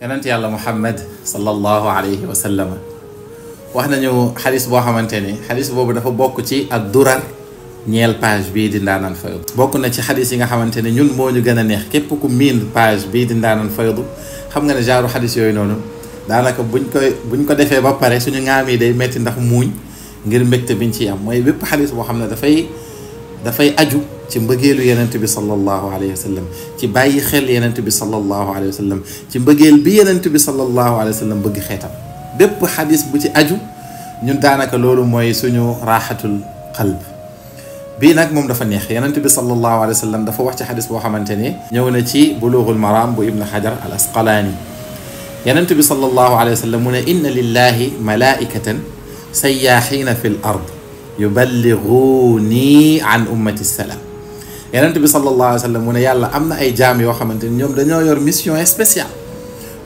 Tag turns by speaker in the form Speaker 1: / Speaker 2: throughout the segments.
Speaker 1: yonent yàlla muhammad sallallahu alayhi wa sallam wax nañu xadis boo xamante ni xadis boobu dafa bokk ci ak durar ñeel page bii di ndaanaan faydu bokk na ci xadis yi nga xamante ne ñun moo ñu gën a neex képp ku miin page bii di ndaanaan faydu xam nga ne genre xadis yooyu noonu daanaka buñ koy buñ ko defee ba pare suñu ŋaam yi day metti ndax muuñ ngir mbégte biñ ciy am mooy bépp xadis boo xam ne dafay dafay aju ci mbëggeelu yenent bi sallallahu alayhi wa sallam ci bàyyi xel yenent bi sallallahu alayhi wa sallam ci mbëggeel bi yenent bi sallallahu alayhi wa sallam bëgg xeetam bépp xadis bu ci aju ñun daanaka loolu mooy suñu raaxatul qalb bii nag moom dafa neex yenent sallallahu alaihi wasallam sallam dafa wax ci xadis boo xamante ne ñëw na ci bulughul maram bu ibnu xajar al asqalaani yenent sallallahu alaihi wasallam inna lillahi malaikatan sayyaaxiina fil ard يبلغوني عن أمة السلام يعني أنت صلى الله عليه وسلم ونا يلا أمنا أي جامع وخم أنت اليوم دنيا يور ميسيون إسبيسيال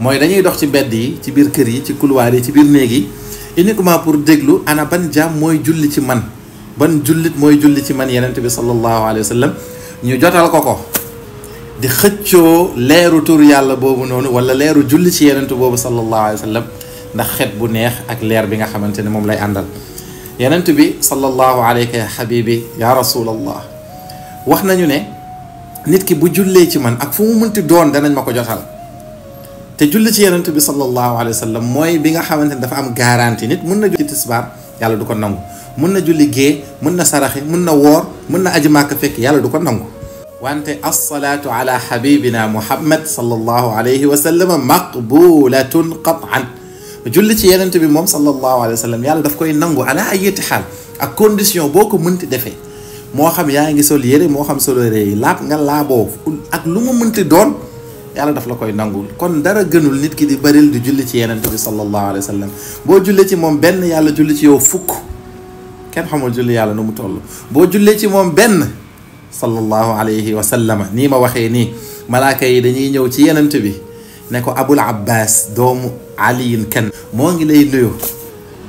Speaker 1: ما يدني يدخل تبدي تبير كري تقول واري تبير نيجي إني كم أبور دجلو أنا بن جام موي جلتي من بن جلتي موي جلتي من يعني أنت صلى الله عليه وسلم نيجات على كوكو di xëccoo leeru tur yàlla boobu noonu wala leeru julli ci yenent boobu sal allahu alai wa sallam ndax xet bu neex yonent bi sallallahu alayka ya habibi ya rasulallah wax nañu ne nit ki bu jullee ci man ak fu mu mënti doon danañ ma ko jotal te julli ci yonent bi sallallahu alayhi wa sallam mooy bi nga xamante ne dafa am garantie nit mun na julli tisbaar yàlla du ko nangu mun na julli gée mun na saraxe mun na woor mun na aji màkk fekk yàlla du ko nangu wante alsalaatu ala habibina muhammad sallallahu alayhi wa sallam maqbulatun qatan julli ci yenent bi moom sallallahu alayhi wa sallam yàlla daf koy nangu ala ayati xaal ak condition boo ko mënti defee moo xam yaa ngi sol yére moo xam solo yére yi laab nga laaboo ak lu mu mënti doon yàlla daf la koy nangul kon dara gënul nit ki di bëril di julli ci yenent bi sallallahu alayhi wa sallam boo julli ci moom benn yàlla julli ci yow fukk kenn xamul julli yàlla nu mu toll boo jullee ci moom benn sallallahu alayhi wa sallam nii ma waxee nii malaaka yi dañuy ñëw ci yenent bi نكو ابو العباس دوم علي كان مونغ لي نيو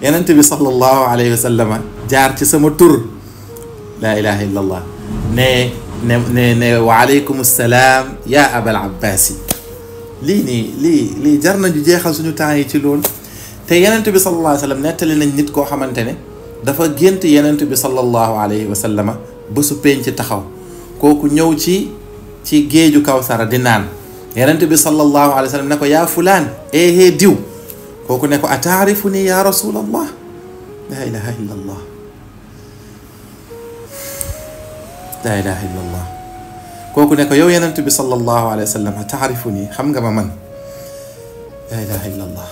Speaker 1: يننت يعني صلى الله عليه وسلم جار سي سما لا اله الا الله ني ني ني وعليكم السلام يا أبو العباس لي ني لي لي جارنا جي جيخال سونو تاني تي لول تي صلى الله عليه وسلم نيتالي نتكو نيت كو خامتاني دا فا صلى الله عليه وسلم بوسو بينتي تاخاو كوكو نيو تي تي جيجو كوثر سارة نان يرنتي بي صلى الله عليه وسلم نكو يا فلان ايه هي ديو كوكو نكو اتعرفني يا رسول الله لا اله الا الله لا اله الا الله كوكو نكو يو يرنتي بي صلى الله عليه وسلم اتعرفني خمغا من لا اله الا الله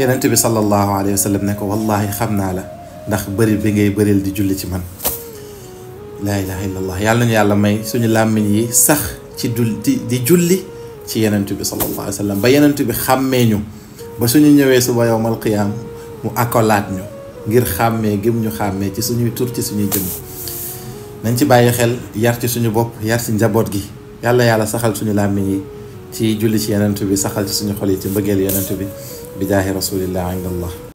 Speaker 1: يرنتي بي صلى الله عليه وسلم نكو والله خمنا له ndax bëril bi ngay bëril di julli ci man la ilaha illa allah yàlla nañu yàlla may suñu làmmiñ yi sax ci di julli ci yenent bi sallallahu alayhi wa ba yenent bi xàmmee ñu ba suñu ñëwee suba yowmal qiyaam mu akolaat ñu ngir xàmmee gëm ñu xàmmee ci suñuy tur ci suñuy jëm nañ ci bàyyi xel yar ci suñu bopp yar ci njaboot gi yàlla yàlla saxal suñu làmmiñ yi ci julli ci yenent bi saxal ci suñu xol yi ci mbëggeel yenent bi bi jaahi rasulillah